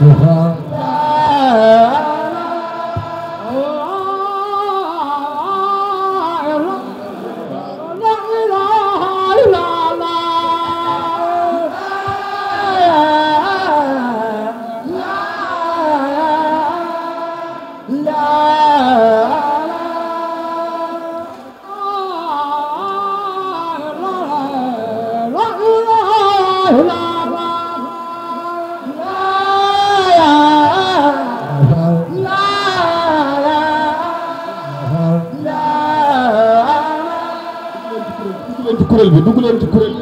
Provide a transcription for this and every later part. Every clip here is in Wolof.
Buha kuréel bi dugg leen ci kuréel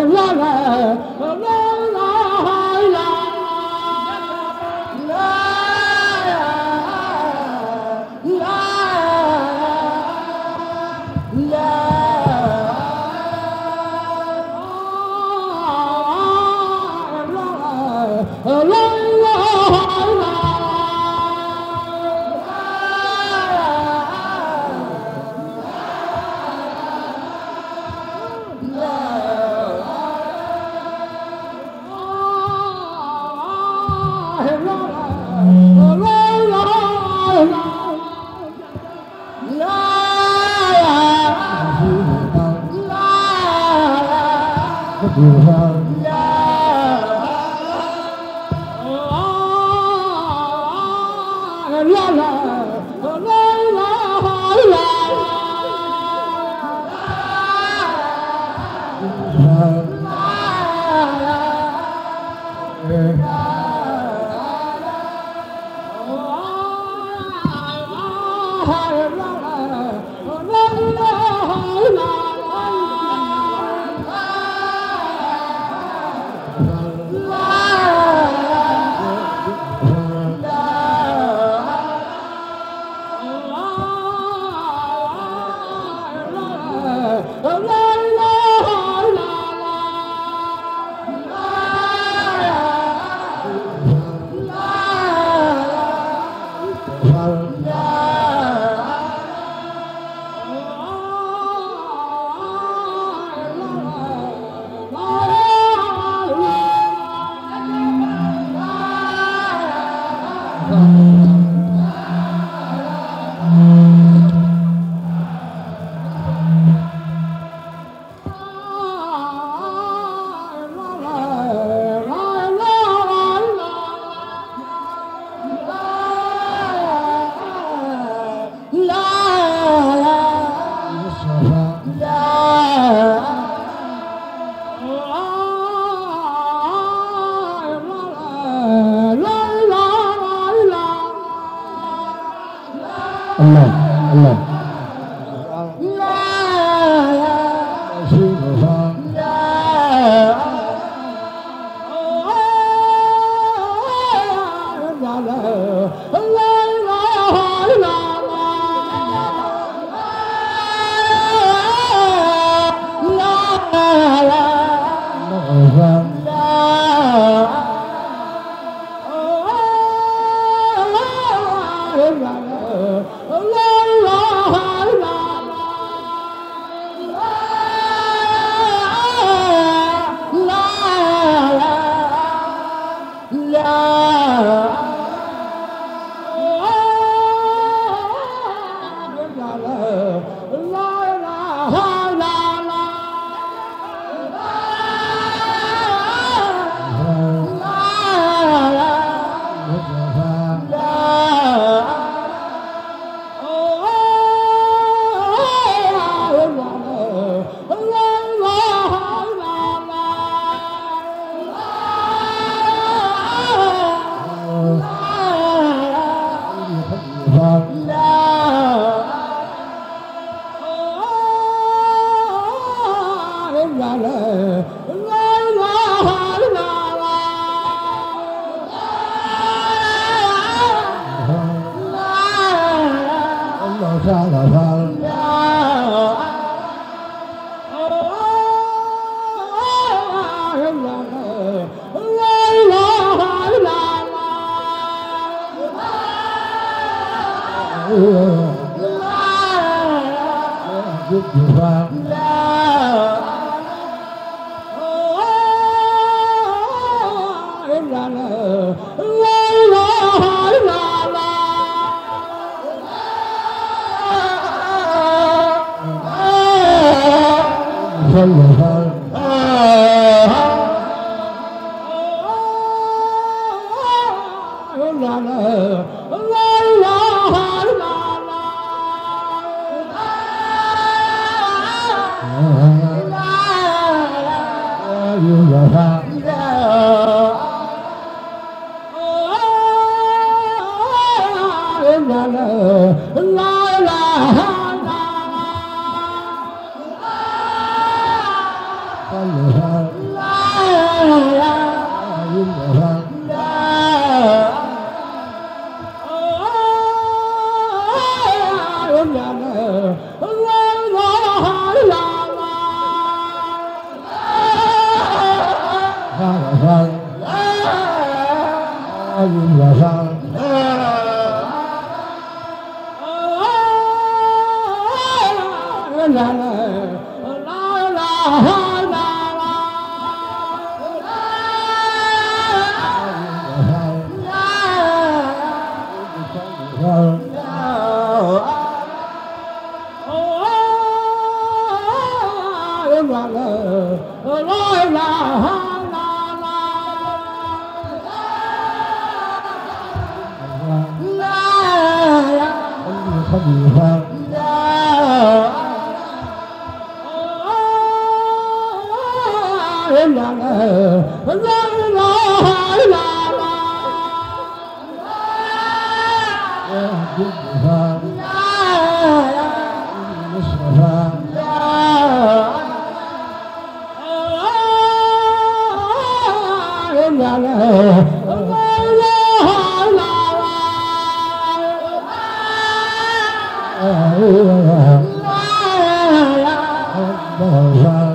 la la الله الله love. la la la Rajum Raja có nhiều hơn